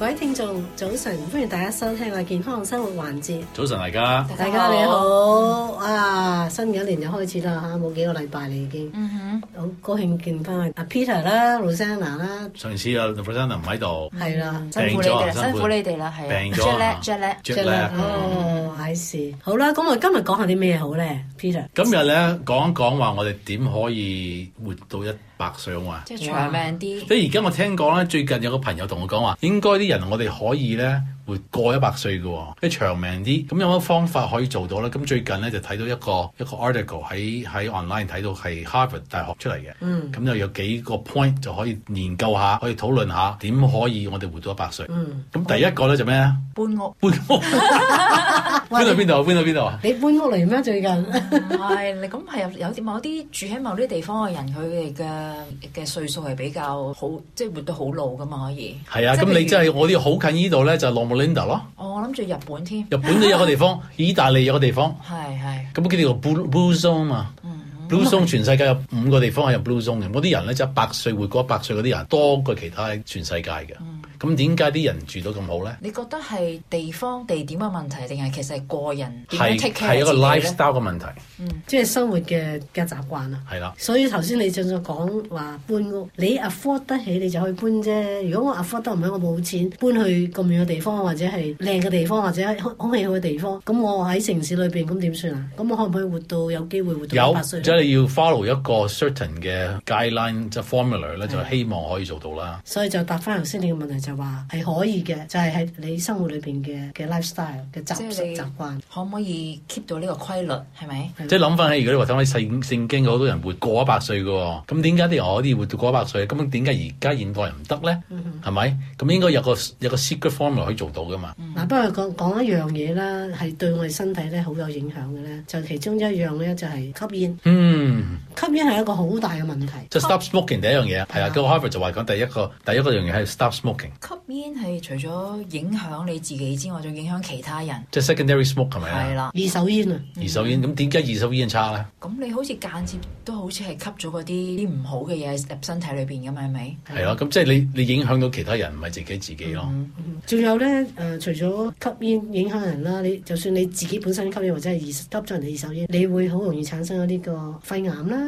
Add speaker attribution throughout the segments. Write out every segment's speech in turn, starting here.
Speaker 1: 各位聽眾，早晨，歡迎大家
Speaker 2: 收聽我健康生活環節。早
Speaker 1: 晨，大家，大家你好。哇，新嘅一年就開始啦吓，冇幾個禮拜你已經，好高興見翻阿 Peter 啦，Rosanna 啦。
Speaker 2: 上次阿 Rosanna 唔喺度，係啦，辛苦你哋，辛苦
Speaker 1: 你哋啦，係啊。病咗，病咗，病咗。嗯，還是好啦。咁我今日講下啲咩好咧？Peter，今日
Speaker 2: 咧講一講話，我哋點可以活到一？白相啊，即係長命啲。即而家我聽講咧，最近有個朋友同我講話，應該啲人我哋可以咧。活過一百歲嘅，即係長命啲。咁有乜方法可以做到咧？咁最近咧就睇到一個一個 article 喺喺 online 睇到係 Harvard 大學出嚟嘅。嗯，咁就有幾個 point 就可以研究下，可以討論下點可以我哋活到一百歲。嗯，咁第一個咧就咩咧？搬屋，搬屋。搬到邊度？邊度邊度啊？你搬屋
Speaker 1: 嚟
Speaker 3: 咩？最近唔係你咁係有有某啲住喺某啲地方嘅人，佢哋嘅嘅歲數係比較好，即係活到好老嘅嘛？可以。係啊，咁你真
Speaker 2: 係我啲好近呢度咧，就 Linda 咯，哦、我諗
Speaker 3: 住日本
Speaker 2: 添，日本都有個地方， 意大利有個地方，
Speaker 3: 係係
Speaker 2: 咁佢叫做 Blue Zone 啊。Blue Zone 全世界有五個地方係有 Blue Zone 嘅，嗰啲人咧就係、百歲活過百歲嗰啲人多過其他全世界嘅。嗯咁點解啲人住到咁好咧？你
Speaker 3: 覺得係地方地點嘅問題，定係其實係個人點樣 take care 住咧？
Speaker 2: 係係是一個 lifestyle 嘅問題，即係、嗯
Speaker 3: 就是、生活嘅嘅習慣啊。
Speaker 1: 係
Speaker 2: 啦的。
Speaker 3: 所以頭先你正在
Speaker 1: 講話搬屋，你 afford 得起你就去搬啫。如果我 afford 得唔起，我冇錢搬去咁遠嘅地方，或者係靚嘅地方，或者空氣好嘅地方，咁我喺城市裏邊咁點算啊？咁我可唔可以活到有機會活到百歲？即係
Speaker 2: 你要 follow 一個 certain 嘅 guideline 即 formula 咧的，就希望可以做到啦。
Speaker 1: 所以就答翻頭先你嘅問題。係話係可以嘅，就係、是、喺你生活裏邊嘅嘅 lifestyle 嘅習習慣，可
Speaker 3: 唔可
Speaker 2: 以 keep 到呢個規律？係咪？即係諗翻起，如果你話睇細聖經，好多人活過一百歲嘅，咁點解啲我啲活到過一百歲？咁點解而家現代人唔得咧？
Speaker 1: 係
Speaker 2: 咪、嗯嗯？咁應該有個有個 secret formula 可以做到噶嘛？
Speaker 1: 嗱、嗯嗯，不如講講一樣嘢啦，係對我哋身體咧好有影響嘅咧，就其中一樣咧就係吸煙。嗯。吸煙係一個好大嘅問題。
Speaker 2: 即係 stop smoking、啊、第一樣嘢，係啊，咁、啊、Harvard 就話講第一個第一個樣嘢係 stop smoking。吸
Speaker 3: 煙係除咗影響你自己之外，仲影響其他人。
Speaker 2: 即係 secondary smoke 係咪啊？係啦了，二手煙啊。嗯、二手煙咁點解二手煙差咧？
Speaker 3: 咁你好似間接都好似係吸咗嗰啲唔好嘅嘢入身體裏邊咁係咪？係咯，
Speaker 2: 咁、啊、即係你你影響到其他人，唔係自己自己咯。仲、
Speaker 1: 嗯嗯嗯、有咧誒、呃，除咗吸煙影，影響人啦，你就算你自己本身吸煙或者係吸咗人哋二手煙，你會好容易產生咗呢個肺癌啦。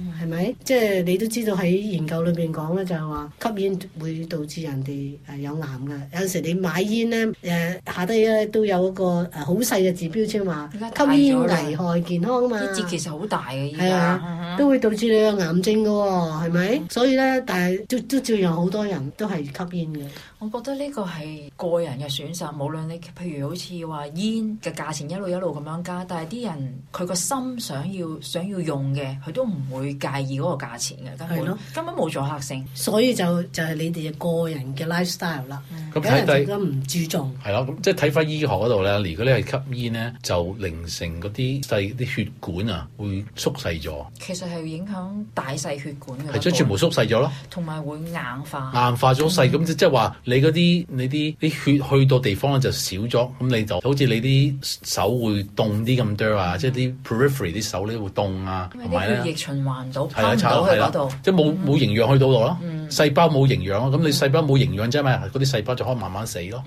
Speaker 1: 係咪？即係你都知道喺研究裏邊講咧，就係話吸煙會導致人哋誒有癌嘅。有陣時你買煙咧，誒、呃、下底咧都有一個誒好細嘅指標籤話吸煙危害，害健
Speaker 3: 康啊嘛。啲字其實好大嘅依家，
Speaker 1: 啊嗯、哼都會導致你有癌症嘅、哦，係咪？嗯、哼所以咧，但係都都照樣好多人都係吸煙嘅。
Speaker 3: 我覺得呢個係個人嘅選擇，無論你譬如好似話煙嘅價錢一路一路咁樣加，但係啲人佢個心想要想要用嘅，佢都唔會加第二嗰個價錢嘅根本的根本冇阻嚇性，所以就就係、是、你哋嘅個人嘅 lifestyle 啦。
Speaker 1: 咁梗係唔
Speaker 2: 注重係咯，即係睇翻醫學嗰度咧。如果你係吸煙咧，就令成嗰啲細啲血管啊，會縮細咗。
Speaker 3: 其實係影響大細血管嘅，係的人全部縮細咗咯，同埋會硬化。
Speaker 2: 硬化咗細咁即係話你嗰啲你啲啲血去到地方咧就少咗，咁你就，就好似你啲手會凍啲咁多啊，即係啲 periphery 啲手咧會凍啊，同埋血液循
Speaker 3: 環係啊，差到。即
Speaker 2: 係冇冇營養去到度咯，嗯、細胞冇營養啊，咁你細胞冇營養啫嘛，嗰啲、嗯、細胞就可以慢慢死咯。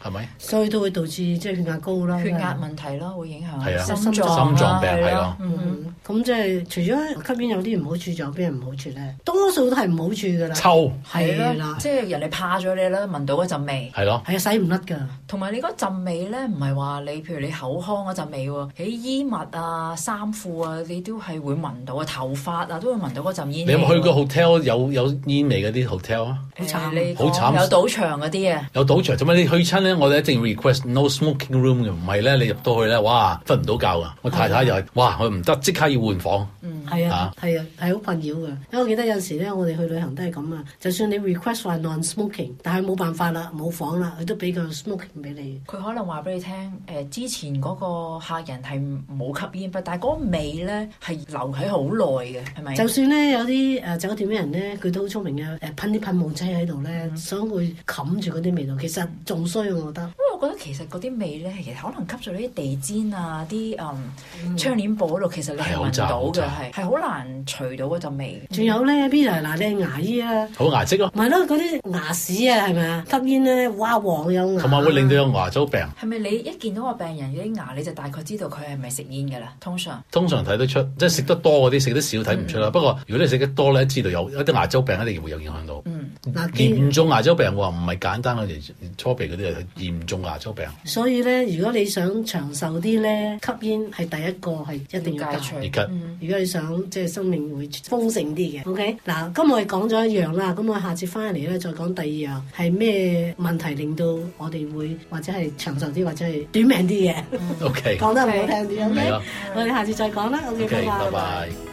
Speaker 1: 係咪？所以都會導致即係血壓高啦，血壓問題咯，會影響心臟、心臟病係咯。嗯，咁即係除咗吸煙有啲唔好處，仲有邊啲唔好處咧？多數都係唔好處㗎啦。臭係啦，
Speaker 3: 即係人哋怕咗你啦，聞到嗰陣味。係咯，係啊，洗唔甩㗎。同埋你嗰陣味咧，唔係話你譬如你口腔嗰陣味喎，喺衣物啊、衫褲啊，你都係會聞到啊，頭髮啊都會聞到嗰陣煙味。你有冇去過
Speaker 2: hotel？有有煙味嗰啲 hotel 啊？好慘，
Speaker 3: 好慘，有賭場嗰啲啊，
Speaker 2: 有賭場做咩？你去親我哋一定 request no smoking room 嘅，唔係咧，你入到去咧，哇，瞓唔到覺啊！我太太又係，哇，我唔得，即刻要換房。嗯
Speaker 1: 係啊，係啊，係好困擾嘅。因為我記得有陣時咧，我哋去旅行都係咁啊。就算你 request 話 non-smoking，但係冇辦法啦，冇房
Speaker 3: 啦，佢都俾個 smoking 俾你。佢可能話俾你聽，誒之前嗰個客人係冇吸煙，但係嗰味咧係留喺好耐嘅，係咪？就算咧有啲誒
Speaker 1: 酒店嘅人咧，佢都好聰明嘅，誒噴啲噴霧劑喺度咧，想會冚住嗰啲味道。其實
Speaker 3: 仲衰，我覺得。因為我覺得其實嗰啲味咧，其實可能吸咗啲地氈啊、啲誒窗簾布嗰度，其實你
Speaker 1: 係聞到嘅係。
Speaker 3: 係好難除到嗰陣味，仲有咧邊啊嗱，Peter，你牙醫啦、啊，
Speaker 2: 好牙漬咯、啊，咪咯
Speaker 3: 嗰啲
Speaker 1: 牙屎啊，係咪吸煙咧？哇，黃又同埋會令
Speaker 2: 到有牙周病。
Speaker 3: 係咪你一見到個病人嗰啲牙，你就大概知道佢係咪食煙嘅啦？通常
Speaker 2: 通常睇得出，嗯、即係食得多嗰啲，食、嗯、得，得少睇唔出啦。嗯、不過如果你食得多咧，知道有有啲牙周病，一定會有影響到。嗯嚴重牙周病我話唔係簡單嘅，初期嗰啲啊，嚴重牙周病。
Speaker 1: 所以咧，如果你想長壽啲咧，吸煙係第一個係一定要戒除。除嗯、如果你想即係生命會豐盛啲嘅，OK。嗱，今日我哋講咗一樣啦，咁我下次翻嚟咧再講第二樣，係咩問題令到我哋會或者係長壽啲或者係短命啲嘅、嗯、？OK。講得唔好聽啲，OK、啊。我哋下次再講啦，OK, okay。拜拜。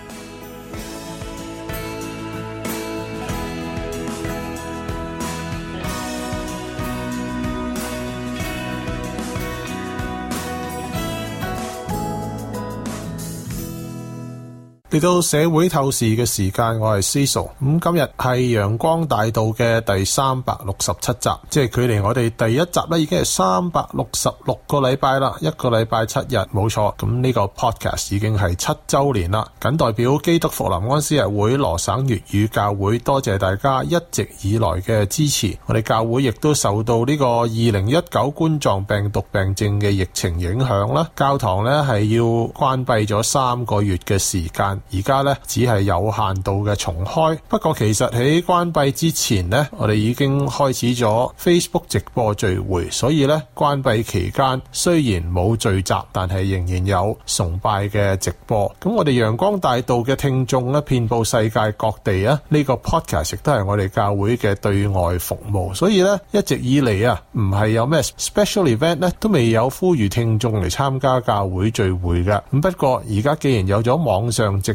Speaker 4: 嚟到社會透視嘅時間，我係 Cecil。咁今日係陽光大道嘅第三百六十七集，即係距離我哋第一集咧已經係三百六十六個禮拜啦，一個禮拜七日冇錯。咁呢個 podcast 已經係七週年啦。僅代表基督復臨安息日會羅省粵語教會，多謝大家一直以來嘅支持。我哋教會亦都受到呢個二零一九冠狀病毒病症嘅疫情影響啦，教堂咧係要關閉咗三個月嘅時間。而家咧只係有限度嘅重開，不過其實喺關閉之前咧，我哋已經開始咗 Facebook 直播聚會，所以咧關閉期間雖然冇聚集，但係仍然有崇拜嘅直播。咁我哋陽光大道嘅聽眾咧，遍佈世界各地啊，呢個 podcast 都係我哋教會嘅對外服務，所以咧一直以嚟啊，唔係有咩 special event 咧，都未有呼籲聽眾嚟參加教會聚會㗎。咁不過而家既然有咗網上直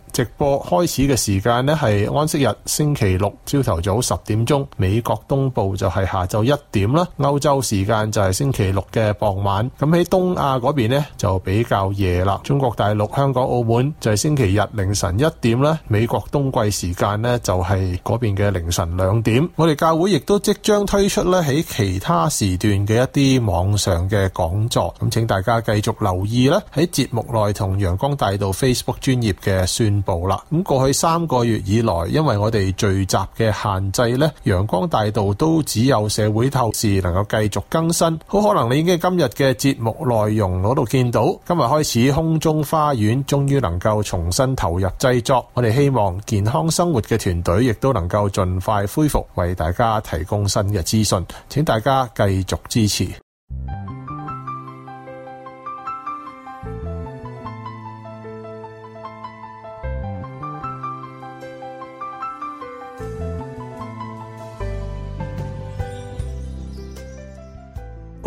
Speaker 4: 直播開始嘅時間呢，係安息日星期六朝頭早十點鐘，美國東部就係下晝一點啦；歐洲時間就係星期六嘅傍晚。咁喺東亞嗰邊呢，就比較夜啦。中國大陸、香港、澳門就係星期日凌晨一點啦。美國冬季時間呢，就係嗰邊嘅凌晨兩點，我哋教會亦都即將推出咧喺其他時段嘅一啲網上嘅講座，咁請大家繼續留意啦，喺節目內同陽光大道 Facebook 專頁嘅宣。步啦，咁過去三個月以來，因為我哋聚集嘅限制咧，陽光大道都只有社會透視能夠繼續更新。好可能你已經喺今日嘅節目內容嗰度見到，今日開始空中花園終於能夠重新投入製作。我哋希望健康生活嘅團隊亦都能夠盡快恢復，為大家提供新嘅資訊，請大家繼續支持。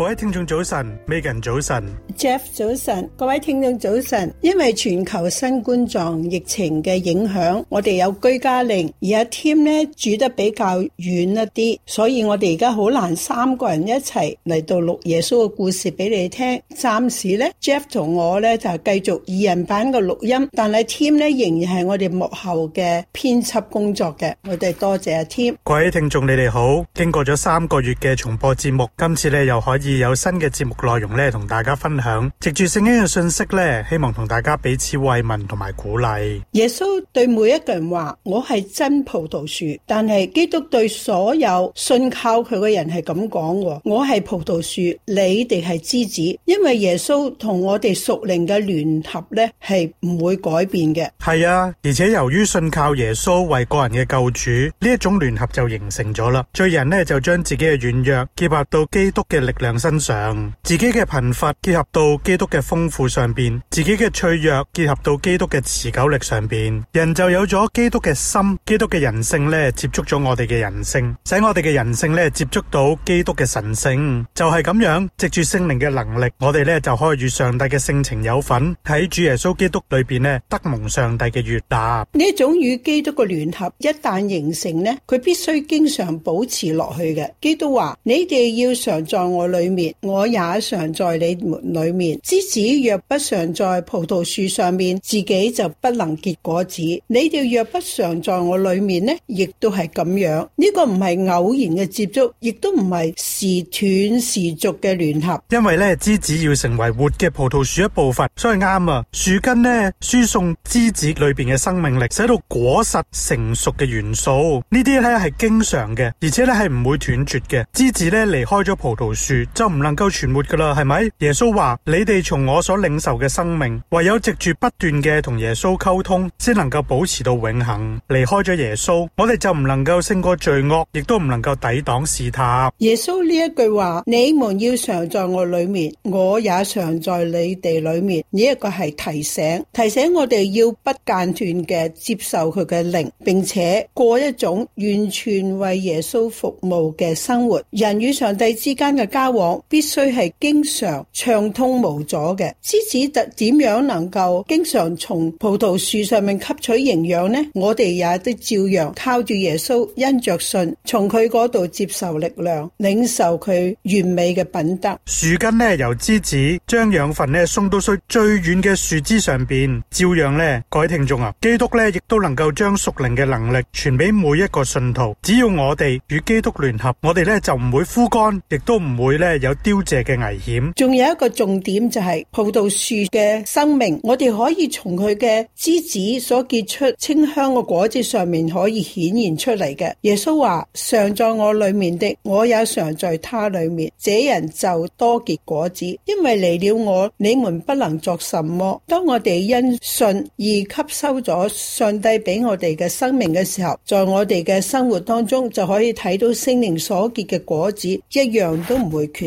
Speaker 5: 各位聽眾早晨，Megan 早晨
Speaker 6: ，Jeff 早晨，各位聽眾早晨。因為全球新冠狀疫情嘅影響，我哋有居家令，而阿、啊、Tim 咧住得比較遠一啲，所以我哋而家好難三個人一齊嚟到錄耶穌嘅故事俾你聽。暫時咧，Jeff 同我咧就繼續二人版嘅錄音，但係 Tim 咧仍然係我哋幕後嘅編輯工作嘅。我哋多謝、啊、Tim。
Speaker 5: 各位聽眾你哋好，經過咗三個月嘅重播節目，今次咧又可以。有新嘅節目內容咧，同大家分享。藉住聖經嘅信息咧，希望同大家彼此慰問同埋鼓勵。
Speaker 6: 耶穌對每一個人話：我係真葡萄樹，但係基督對所有信靠佢嘅人係咁講：我係葡萄樹，你哋係枝子。因為耶穌同我哋屬靈嘅聯合咧，係唔會改變嘅。
Speaker 5: 係啊，而且由於信靠耶穌為個人嘅救主，呢一種聯合就形成咗啦。罪人呢，就將自己嘅軟弱結合到基督嘅力量。身自己嘅貧乏結合到基督嘅豐富上邊，自己嘅脆弱結合到基督嘅持久力上邊，人就有咗基督嘅心，基督嘅人性咧接觸咗我哋嘅人性，使我哋嘅人性咧接觸到基督嘅神性，就係咁樣藉住聖靈嘅能力，我哋咧就可以與上帝嘅性情有份，喺主耶穌基督裏邊咧得蒙上帝嘅悅納。
Speaker 6: 呢一種與基督嘅聯合一旦形成咧，佢必須經常保持落去嘅。基督話：你哋要常在我裏面。我也常在你們裏面，枝子若不常在葡萄樹上面，自己就不能結果子。你哋若不常在我裏面呢，亦都係咁樣。呢個唔係偶然嘅接觸，亦都唔係時斷時續嘅聯合。
Speaker 5: 因為咧，枝子要成為活嘅葡萄樹一部分，所以啱啊。樹根呢，輸送枝子裏邊嘅生命力，使到果實成熟嘅元素呢啲咧係經常嘅，而且咧係唔會斷絕嘅。枝子咧離開咗葡萄樹。就唔能夠存活噶啦，係咪？耶穌話：你哋從我所領受嘅生命，唯有藉住不斷嘅同耶穌溝通，先能夠保持到永恒。離開咗耶穌，我哋就唔能夠勝過罪惡，亦都唔能夠抵擋試探。
Speaker 6: 耶穌呢一句話：你們要常在我裏面，我也常在你哋裏面。呢一個係提醒，提醒我哋要不間斷嘅接受佢嘅靈，並且過一種完全為耶穌服務嘅生活。人與上帝之間嘅交往。必須係經常暢通無阻嘅，枝子特點樣能夠經常從葡萄樹上面吸取營養呢？我哋也都照樣靠住耶穌，因着信從佢嗰度接受力量，領受佢完美嘅品德。
Speaker 5: 樹根呢由枝子將養分呢送到最最遠嘅樹枝上邊，照樣呢，各位聽眾啊，基督呢亦都能夠將屬靈嘅能力傳俾每一個信徒，只要我哋與基督聯合，我哋呢就唔會枯乾，亦都唔會呢。有凋謝嘅危險，
Speaker 6: 仲有一個重點就係、是、葡萄樹嘅生命，我哋可以從佢嘅枝子所結出清香嘅果子上面可以顯現出嚟嘅。耶穌話：常在我裏面的，我也常在他裏面。這人就多結果子，因為離了我，你們不能作什麼。當我哋因信而吸收咗上帝俾我哋嘅生命嘅時候，在我哋嘅生活當中就可以睇到聖靈所結嘅果子，一樣都唔會缺。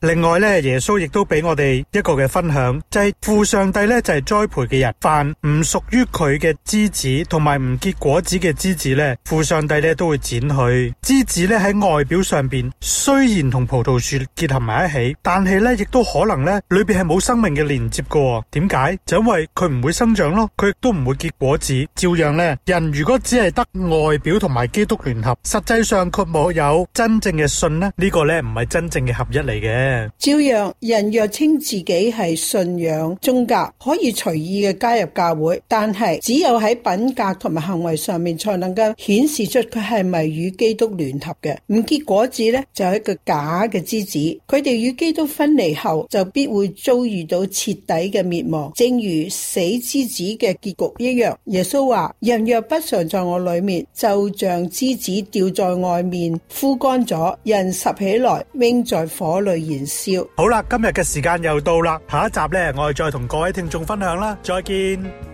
Speaker 5: 另外咧，耶穌亦都俾我哋一個嘅分享，就係、是、父上帝咧就係、是、栽培嘅人，犯唔屬於佢嘅枝子，同埋唔結果子嘅枝子咧，父上帝咧都會剪去。枝子咧，喺外表上邊，雖然同葡萄樹結合埋一起，但係咧亦都可能咧裏邊係冇生命嘅連接噶，點解？就因為佢唔會生長咯，佢亦都唔會結果子，照樣咧，人如果只係得外表同埋基督聯合，實際上佢冇有真正嘅信呢。這個、呢個咧唔係真正嘅合。一嚟嘅，
Speaker 6: 照樣人若稱自己係信仰宗教，可以隨意嘅加入教會，但係只有喺品格同埋行為上面，才能夠顯示出佢係咪與基督聯合嘅。唔結果子咧，就係、是、一個假嘅枝子。佢哋與基督分離後，就必會遭遇到徹底嘅滅亡，正如死枝子嘅結局一樣。耶穌話：人若不常在我裏面，就像枝子掉在外面枯乾咗。人拾起來扔在火類燃燒。
Speaker 5: 好啦，今日嘅時間又到啦，下一集呢，我哋再同各位聽眾分享啦。再見。